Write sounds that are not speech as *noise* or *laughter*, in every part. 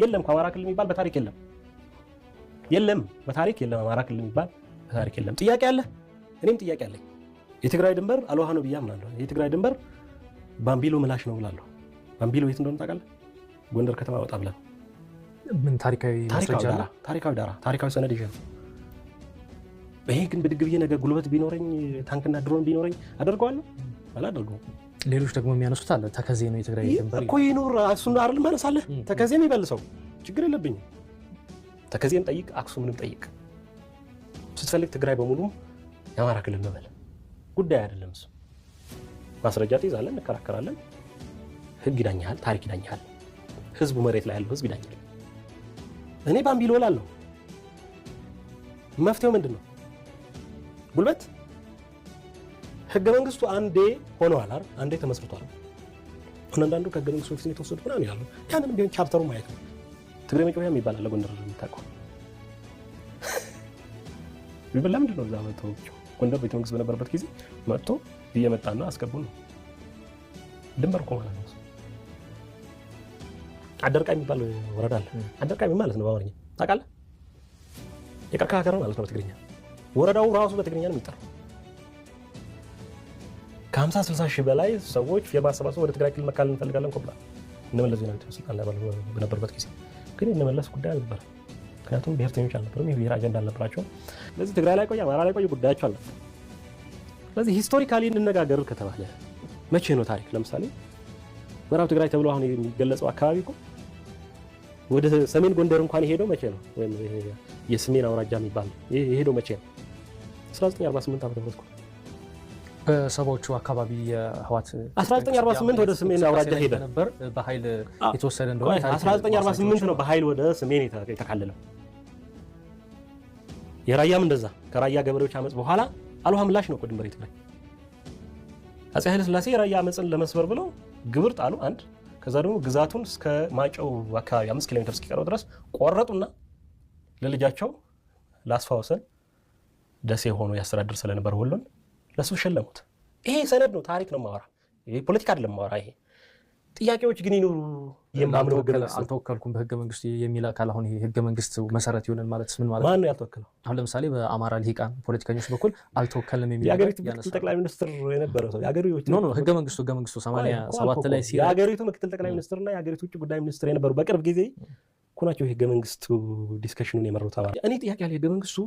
የለም። ከአማራ ክልል የሚባል በታሪክ የለም። የለም፣ በታሪክ የለም። አማራ ክልል የሚባል በታሪክ የለም። ጥያቄ አለ። እኔም ጥያቄ አለኝ። የትግራይ ድንበር አልዋሃ ነው ብዬ አምናለሁ። የትግራይ ድንበር ባምቢሎ ምላሽ ነው ብላለሁ። ባምቢሎ የት እንደሆነ ታውቃለህ? ጎንደር ከተማ ወጣ ብለን ምን ታሪካዊ ዳራ ታሪካዊ ሰነድ ይዤ ነው። ይሄ ግን ብድግ ብዬ ነገር ጉልበት ቢኖረኝ ታንክና ድሮን ቢኖረኝ አደርገዋለሁ? አላደርገውም። ሌሎች ደግሞ የሚያነሱት አለ ተከዜ ነው የትግራይ ድንበር እኮ ይኑር እሱን አይደል መለሳለህ ተከዜ ነው ይበልሰው ችግር የለብኝም ተከዜን ጠይቅ አክሱምንም ጠይቅ ስትፈልግ ትግራይ በሙሉ የአማራ ክልል መበል ጉዳይ አይደለም እሱ ማስረጃ ትይዛለን እንከራከራለን ህግ ይዳኛል ታሪክ ይዳኛል ህዝቡ መሬት ላይ ያለው ህዝብ ይዳኛል እኔ ባምቢል ወላለሁ መፍትሄው ምንድን ነው ጉልበት ህገ መንግስቱ አንዴ ሆነዋል አይደል? አንዴ ተመስርቷል። አሁን አንዳንዱ ከህገ መንግስቱ በፊት የተወሰዱ ምናምን ያሉ ያንንም ቢሆን ቻፕተሩ ማየት ነው። ትግሬ መጮያ የሚባል አለ ጎንደር የምታውቀው ቢበላ *laughs* ምንድን ነው እዛ መጥቶ ጎንደር ቤተ መንግስት በነበረበት ጊዜ መጥቶ እየመጣና አስገቡ ነው ድንበር እኮ ማለት ነው። አደርቃ የሚባል ወረዳ አለ። አደርቃ ማለት ነው በአማርኛ ታውቃለህ? የቀርከሃ ከረር ማለት ነው በትግርኛ። ወረዳው ራሱ በትግርኛ ነው የሚጠራው። ከ50 ሺህ በላይ ሰዎች የማሰባሰ ወደ ትግራይ ክልል መካል እንፈልጋለን እኮ እንመለስ ዜናዊ ስልጣን ላይ በነበሩበት ጊዜ ግን እነመለስ ጉዳይ አልነበረ። ምክንያቱም ብሔርተኞች አልነበሩም፣ የብሔር አጀንዳ አልነበራቸውም። ስለዚህ ትግራይ ላይ ቆየ አማራ ላይ ቆዩ ጉዳያቸው አለ። ስለዚህ ሂስቶሪካሊ እንነጋገር ከተባለ መቼ ነው ታሪክ? ለምሳሌ ምዕራብ ትግራይ ተብሎ አሁን የሚገለጸው አካባቢ እኮ ወደ ሰሜን ጎንደር እንኳን የሄደው መቼ ነው? ወይም የሰሜን አውራጃ የሚባል የሄደው መቼ ነው? 1948 ዓ.ም በሰባዎቹ አካባቢ የህዋት 1948 ወደ ሰሜን አውራጃ ሄደ ነበር። በኃይል የተወሰደ እንደሆነ 1948 ነው በኃይል ወደ ሰሜን የተካለለው። የራያም እንደዛ ከራያ ገበሬዎች አመፅ በኋላ አልውሃ ምላሽ ነው እኮ ድንበር የትግራይ ኃይለ ስላሴ የራያ አመፅን ለመስበር ብለው ግብር ጣሉ። አንድ ከዛ ደግሞ ግዛቱን እስከ ማጨው አካባቢ አምስት ኪሎ ሜትር እስኪቀረው ድረስ ቆረጡና ለልጃቸው ለአስፋ ወሰን ደሴ ሆኖ ያስተዳድር ስለነበር ሁሉን ለሱ ሸለሙት። ይሄ ሰነድ ነው፣ ታሪክ ነው ማወራ፣ ፖለቲካ አይደለም ማወራ። ይሄ ጥያቄዎች ግን ይኑሩ። የማምነው ህገ አልተወከልኩም በህገ መንግስቱ የሚል አካል አሁን ህገ መንግስት መሰረት ይሆንን ማለት ምን ማለት ማን ነው ያልተወከለው? አሁን ለምሳሌ በአማራ ሊሂቃን ፖለቲከኞች በኩል አልተወከልንም የሚል የሀገሪቱ ምክትል ጠቅላይ ሚኒስትር የነበረ ሰው ህገ መንግስቱ ህገ መንግስቱ ሰማንያ ሰባት ላይ ሲ የሀገሪቱ ምክትል ጠቅላይ ሚኒስትርና የሀገሪቱ ውጭ ጉዳይ ሚኒስትር የነበሩ በቅርብ ጊዜ እኮ ናቸው የህገ መንግስቱ ዲስከሽኑን የመሩት። እኔ ጥያቄ ያለ ህገ መንግስቱ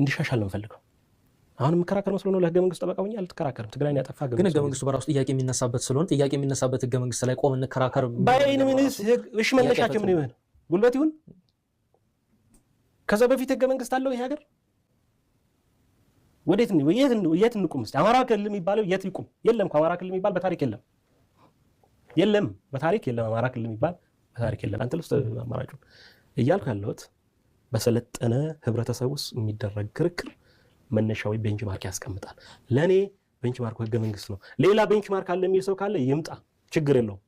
እንዲሻሻል ነው የምፈልገው አሁን የምከራከር መስሎ ነው። ለህገ መንግስቱ ጠበቃ ሆኜ አልተከራከርም። ትግራይን ያጠፋ ግን ህገ መንግስቱ በራሱ ጥያቄ የሚነሳበት ስለሆነ ጥያቄ የሚነሳበት ህገ መንግስት ላይ ቆም እንከራከር ባይን ምንስ እሺ፣ መነሻቸው ምን ይሆን? ጉልበት ይሁን ከዛ በፊት ህገ መንግስት አለው ይሄ ሀገር። ወዴት ነው? የት እንቁም? ስ አማራ ክልል የሚባለው የት ይቁም? የለም ከአማራ ክልል የሚባል በታሪክ የለም፣ የለም በታሪክ የለም። አማራ ክልል የሚባል በታሪክ የለም። አንተ ልስ አማራጩ እያልኩ ያለሁት በሰለጠነ ህብረተሰብ ውስጥ የሚደረግ ክርክር መነሻዊ ቤንችማርክ ያስቀምጣል። ለእኔ ቤንችማርኩ ህገ መንግስት ነው። ሌላ ቤንችማርክ አለ የሚል ሰው ካለ ይምጣ፣ ችግር የለውም።